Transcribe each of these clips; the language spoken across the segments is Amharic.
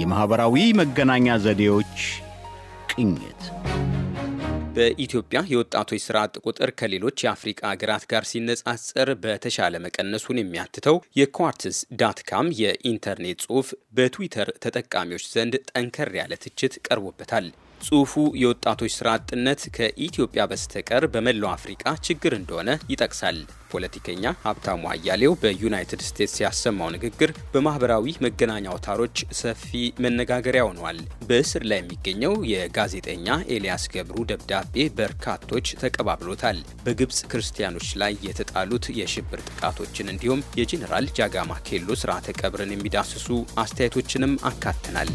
የማኅበራዊ መገናኛ ዘዴዎች ቅኝት በኢትዮጵያ የወጣቶች ስራ አጥ ቁጥር ከሌሎች የአፍሪቃ ሀገራት ጋር ሲነጻጸር በተሻለ መቀነሱን የሚያትተው የኳርትስ ዳትካም የኢንተርኔት ጽሑፍ በትዊተር ተጠቃሚዎች ዘንድ ጠንከር ያለ ትችት ቀርቦበታል። ጽሁፉ የወጣቶች ስራ አጥነት ከኢትዮጵያ በስተቀር በመላው አፍሪቃ ችግር እንደሆነ ይጠቅሳል። ፖለቲከኛ ሀብታሙ አያሌው በዩናይትድ ስቴትስ ያሰማው ንግግር በማህበራዊ መገናኛ አውታሮች ሰፊ መነጋገሪያ ሆኗል። በእስር ላይ የሚገኘው የጋዜጠኛ ኤልያስ ገብሩ ደብዳቤ በርካቶች ተቀባብሎታል። በግብፅ ክርስቲያኖች ላይ የተጣሉት የሽብር ጥቃቶችን እንዲሁም የጄኔራል ጃጋማ ኬሎ ስርዓተ ቀብርን የሚዳስሱ አስተያየቶችንም አካትናል።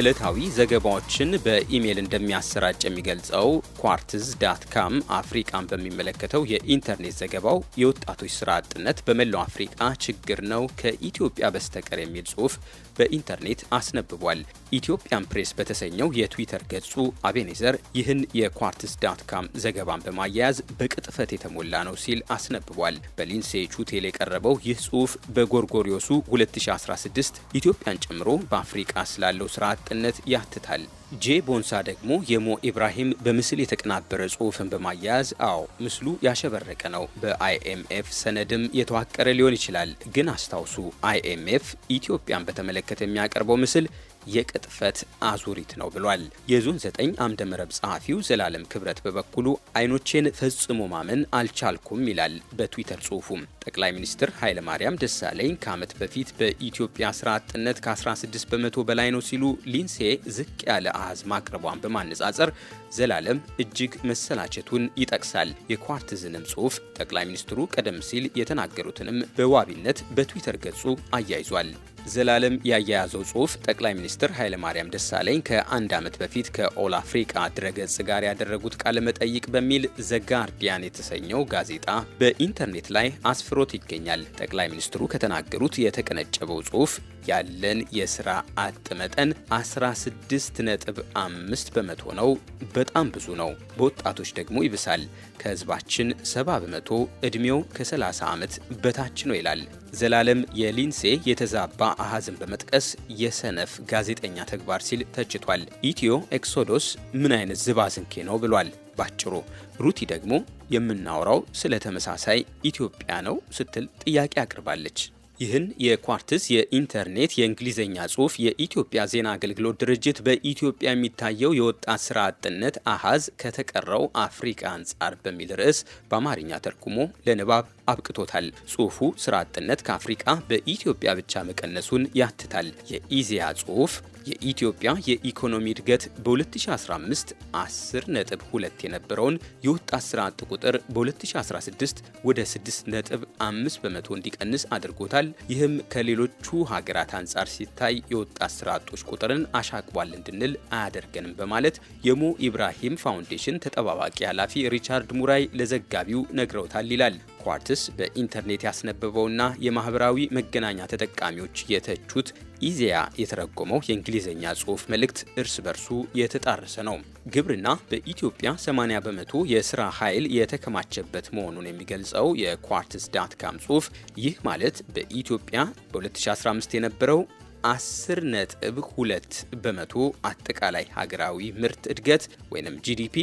ዕለታዊ ዘገባዎችን በኢሜይል እንደሚያሰራጭ የሚገልጸው ኳርትዝ ዳት ካም አፍሪቃን በሚመለከተው የኢንተርኔት ዘገባው የወጣቶች ስራ አጥነት በመላው አፍሪቃ ችግር ነው ከኢትዮጵያ በስተቀር የሚል ጽሁፍ በኢንተርኔት አስነብቧል። ኢትዮጵያን ፕሬስ በተሰኘው የትዊተር ገጹ አቤኔዘር ይህን የኳርትስ ዳት ካም ዘገባን በማያያዝ በቅጥፈት የተሞላ ነው ሲል አስነብቧል። በሊንሴ ቹቴል የቀረበው ይህ ጽሁፍ በጎርጎሪዮሱ 2016 ኢትዮጵያን ጨምሮ በአፍሪቃ ስላለው ስራ አጥነት ያትታል። ጄ ቦንሳ ደግሞ የሞ ኢብራሂም በምስል የተቀናበረ ጽሑፍን በማያያዝ አዎ ምስሉ ያሸበረቀ ነው፣ በአይኤምኤፍ ሰነድም የተዋቀረ ሊሆን ይችላል። ግን አስታውሱ አይኤምኤፍ ኢትዮጵያን በተመለከተ የሚያቀርበው ምስል የቅጥፈት አዙሪት ነው ብሏል። የዞን ዘጠኝ አምደ ምዕራብ ጸሐፊው ዘላለም ክብረት በበኩሉ አይኖቼን ፈጽሞ ማመን አልቻልኩም ይላል በትዊተር ጽሁፉም። ጠቅላይ ሚኒስትር ኃይለማርያም ደሳለኝ ከዓመት በፊት በኢትዮጵያ ስራ አጥነት ከ16 በመቶ በላይ ነው ሲሉ ሊንሴ ዝቅ ያለ አሃዝ ማቅረቧን በማነጻጸር ዘላለም እጅግ መሰላቸቱን ይጠቅሳል። የኳርትዝንም ጽሁፍ ጠቅላይ ሚኒስትሩ ቀደም ሲል የተናገሩትንም በዋቢነት በትዊተር ገጹ አያይዟል። ዘላለም ያያያዘው ጽሁፍ ጠቅላይ ሚኒስትር ኃይለማርያም ደሳለኝ ከአንድ ዓመት በፊት ከኦል አፍሪቃ ድረገጽ ጋር ያደረጉት ቃለ መጠይቅ በሚል ዘጋርዲያን የተሰኘው ጋዜጣ በኢንተርኔት ላይ አስፍሮት ይገኛል። ጠቅላይ ሚኒስትሩ ከተናገሩት የተቀነጨበው ጽሁፍ ያለን የስራ አጥ መጠን 16.5 በመቶ ነው። በጣም ብዙ ነው። በወጣቶች ደግሞ ይብሳል። ከህዝባችን 70 በመቶ ዕድሜው ከ30 ዓመት በታች ነው ይላል። ዘላለም የሊንሴ የተዛባ አሃዝን በመጥቀስ የሰነፍ ጋዜጠኛ ተግባር ሲል ተችቷል። ኢትዮ ኤክሶዶስ ምን አይነት ዝባዝንኬ ነው ብሏል። ባጭሩ ሩቲ ደግሞ የምናወራው ስለ ተመሳሳይ ኢትዮጵያ ነው ስትል ጥያቄ አቅርባለች። ይህን የኳርትስ የኢንተርኔት የእንግሊዝኛ ጽሑፍ የኢትዮጵያ ዜና አገልግሎት ድርጅት በኢትዮጵያ የሚታየው የወጣት ስራ አጥነት አሃዝ ከተቀረው አፍሪካ አንጻር በሚል ርዕስ በአማርኛ ተርጉሞ ለንባብ አብቅቶታል። ጽሁፉ ስራ አጥነት ከአፍሪቃ በኢትዮጵያ ብቻ መቀነሱን ያትታል። የኢዜአ ጽሑፍ የኢትዮጵያ የኢኮኖሚ እድገት በ2015 10.2 የነበረውን የወጣት ስራ አጥ ቁጥር በ2016 ወደ 6.5 በመቶ እንዲቀንስ አድርጎታል። ይህም ከሌሎቹ ሀገራት አንጻር ሲታይ የወጣት ስራ አጦች ቁጥርን አሻቅቧል እንድንል አያደርገንም በማለት የሞ ኢብራሂም ፋውንዴሽን ተጠባባቂ ኃላፊ ሪቻርድ ሙራይ ለዘጋቢው ነግረውታል ይላል። ኳርትስ በኢንተርኔት ያስነበበውና የማህበራዊ መገናኛ ተጠቃሚዎች የተቹት ኢዜያ የተረጎመው የእንግሊዝኛ ጽሑፍ መልእክት እርስ በርሱ የተጣረሰ ነው። ግብርና በኢትዮጵያ 80 በመቶ የስራ ኃይል የተከማቸበት መሆኑን የሚገልጸው የኳርትስ ዳትካም ጽሑፍ ይህ ማለት በኢትዮጵያ በ2015 የነበረው 10 ነጥብ 2 በመቶ አጠቃላይ ሀገራዊ ምርት እድገት ወይም ጂዲፒ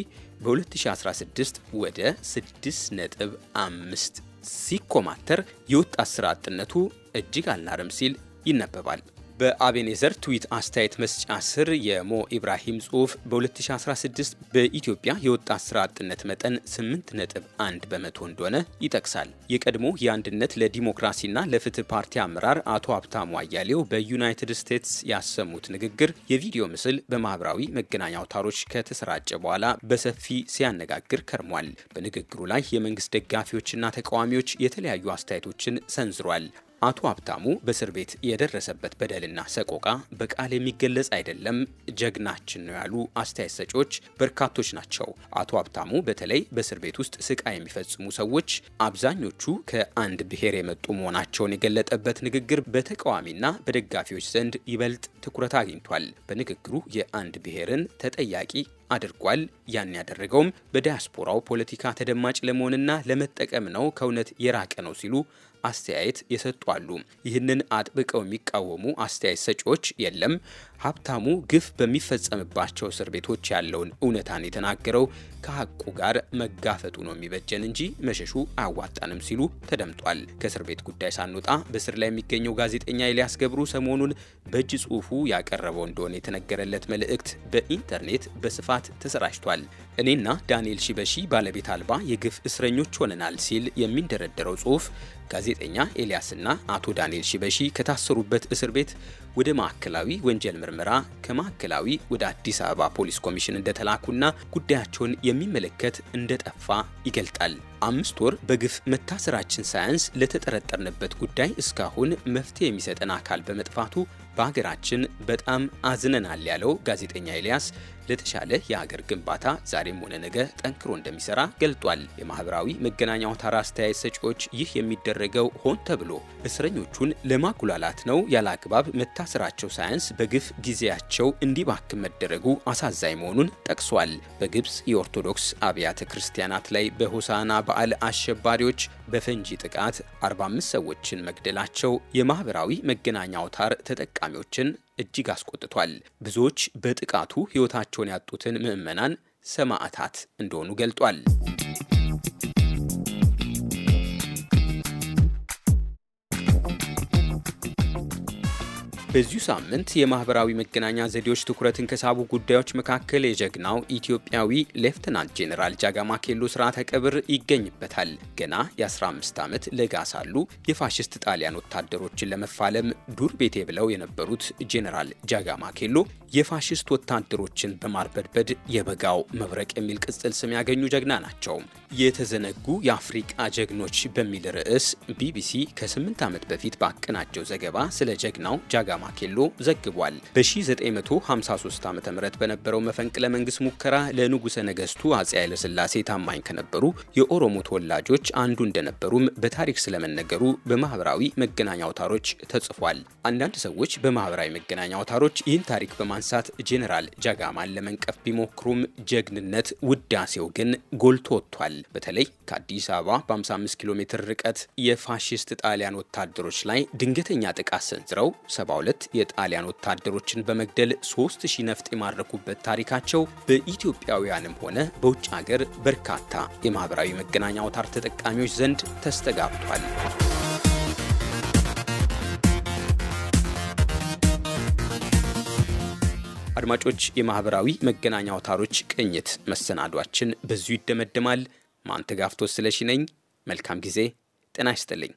በ2016 ወደ 6 ነጥብ 5 ሲኮማተር የወጣት ስራ አጥነቱ እጅግ አልናርም ሲል ይነበባል። በአቤኔዘር ትዊት አስተያየት መስጫ ስር የሞ ኢብራሂም ጽሑፍ በ2016 በኢትዮጵያ የወጣት ስራ አጥነት መጠን 8 ነጥብ 1 በመቶ እንደሆነ ይጠቅሳል። የቀድሞ የአንድነት ለዲሞክራሲና ለፍትህ ፓርቲ አመራር አቶ ሀብታሙ አያሌው በዩናይትድ ስቴትስ ያሰሙት ንግግር የቪዲዮ ምስል በማህበራዊ መገናኛ አውታሮች ከተሰራጨ በኋላ በሰፊ ሲያነጋግር ከርሟል። በንግግሩ ላይ የመንግስት ደጋፊዎችና ተቃዋሚዎች የተለያዩ አስተያየቶችን ሰንዝሯል። አቶ ሀብታሙ በእስር ቤት የደረሰበት በደልና ሰቆቃ በቃል የሚገለጽ አይደለም፣ ጀግናችን ነው ያሉ አስተያየት ሰጪዎች በርካቶች ናቸው። አቶ ሀብታሙ በተለይ በእስር ቤት ውስጥ ስቃይ የሚፈጽሙ ሰዎች አብዛኞቹ ከአንድ ብሔር የመጡ መሆናቸውን የገለጠበት ንግግር በተቃዋሚና በደጋፊዎች ዘንድ ይበልጥ ትኩረት አግኝቷል። በንግግሩ የአንድ ብሔርን ተጠያቂ አድርጓል። ያን ያደረገውም በዲያስፖራው ፖለቲካ ተደማጭ ለመሆንና ለመጠቀም ነው፣ ከእውነት የራቀ ነው ሲሉ አስተያየት የሰጧሉ። ይህንን አጥብቀው የሚቃወሙ አስተያየት ሰጪዎች የለም ሀብታሙ ግፍ በሚፈጸምባቸው እስር ቤቶች ያለውን እውነታን የተናገረው ከሀቁ ጋር መጋፈጡ ነው የሚበጀን እንጂ መሸሹ አያዋጣንም ሲሉ ተደምጧል። ከእስር ቤት ጉዳይ ሳንወጣ በእስር ላይ የሚገኘው ጋዜጠኛ ኤልያስ ገብሩ ሰሞኑን በእጅ ጽሑፉ ያቀረበው እንደሆነ የተነገረለት መልእክት በኢንተርኔት በስፋት ተሰራጭቷል። እኔና ዳንኤል ሺበሺ ባለቤት አልባ የግፍ እስረኞች ሆነናል ሲል የሚንደረደረው ጽሑፍ ጋዜ ጋዜጠኛ ኤልያስና አቶ ዳንኤል ሺበሺ ከታሰሩበት እስር ቤት ወደ ማዕከላዊ ወንጀል ምርመራ ከማዕከላዊ ወደ አዲስ አበባ ፖሊስ ኮሚሽን እንደተላኩና ጉዳያቸውን የሚመለከት እንደጠፋ ይገልጣል። አምስት ወር በግፍ መታሰራችን ሳያንስ ለተጠረጠርንበት ጉዳይ እስካሁን መፍትሄ የሚሰጠን አካል በመጥፋቱ በሀገራችን በጣም አዝነናል ያለው ጋዜጠኛ ኤልያስ ለተሻለ የሀገር ግንባታ ዛሬም ሆነ ነገ ጠንክሮ እንደሚሰራ ገልጧል። የማህበራዊ መገናኛ አውታር አስተያየት ሰጪዎች ይህ የሚደረገው ሆን ተብሎ እስረኞቹን ለማጉላላት ነው፣ ያለ አግባብ መታሰራቸው ሳያንስ በግፍ ጊዜያቸው እንዲባክን መደረጉ አሳዛኝ መሆኑን ጠቅሷል። በግብፅ የኦርቶዶክስ አብያተ ክርስቲያናት ላይ በሆሳና በዓል አሸባሪዎች በፈንጂ ጥቃት 45 ሰዎችን መግደላቸው የማህበራዊ መገናኛ አውታር ተጠቃሚዎችን እጅግ አስቆጥቷል። ብዙዎች በጥቃቱ ሕይወታቸውን ያጡትን ምዕመናን ሰማዕታት እንደሆኑ ገልጧል። በዚሁ ሳምንት የማህበራዊ መገናኛ ዘዴዎች ትኩረትን ከሳቡ ጉዳዮች መካከል የጀግናው ኢትዮጵያዊ ሌፍትናንት ጄኔራል ጃጋማ ኬሎ ስርዓተ ቀብር ይገኝበታል። ገና የ15 ዓመት ለጋ ሳሉ የፋሽስት ጣሊያን ወታደሮችን ለመፋለም ዱር ቤቴ ብለው የነበሩት ጄኔራል ጃጋማ ኬሎ የፋሽስት ወታደሮችን በማርበድበድ የበጋው መብረቅ የሚል ቅጽል ስም ያገኙ ጀግና ናቸው። የተዘነጉ የአፍሪቃ ጀግኖች በሚል ርዕስ ቢቢሲ ከ8 ዓመት በፊት ባቀናቸው ዘገባ ስለ ጀግናው ጃጋማ ማኬሎ ዘግቧል። በ1953 ዓ ም በነበረው መፈንቅለ መንግስት ሙከራ ለንጉሠ ነገሥቱ አጼ ኃይለሥላሴ ታማኝ ከነበሩ የኦሮሞ ተወላጆች አንዱ እንደነበሩም በታሪክ ስለመነገሩ በማኅበራዊ መገናኛ አውታሮች ተጽፏል። አንዳንድ ሰዎች በማኅበራዊ መገናኛ አውታሮች ይህን ታሪክ በማንሳት ጄኔራል ጃጋማን ለመንቀፍ ቢሞክሩም ጀግንነት ውዳሴው ግን ጎልቶ ወጥቷል። በተለይ ከአዲስ አበባ በ55 ኪሎ ሜትር ርቀት የፋሽስት ጣሊያን ወታደሮች ላይ ድንገተኛ ጥቃት ሰንዝረው 72 ሁለት የጣሊያን ወታደሮችን በመግደል ሶስት ነፍጥ የማረኩበት ታሪካቸው በኢትዮጵያውያንም ሆነ በውጭ ሀገር በርካታ የማኅበራዊ መገናኛ አውታር ተጠቃሚዎች ዘንድ ተስተጋብቷል። አድማጮች፣ የማኅበራዊ መገናኛ አውታሮች ቅኝት መሰናዷችን በዚሁ ይደመደማል። ማንተጋፍቶ ስለሺ ነኝ። መልካም ጊዜ። ጤና ይስጥልኝ።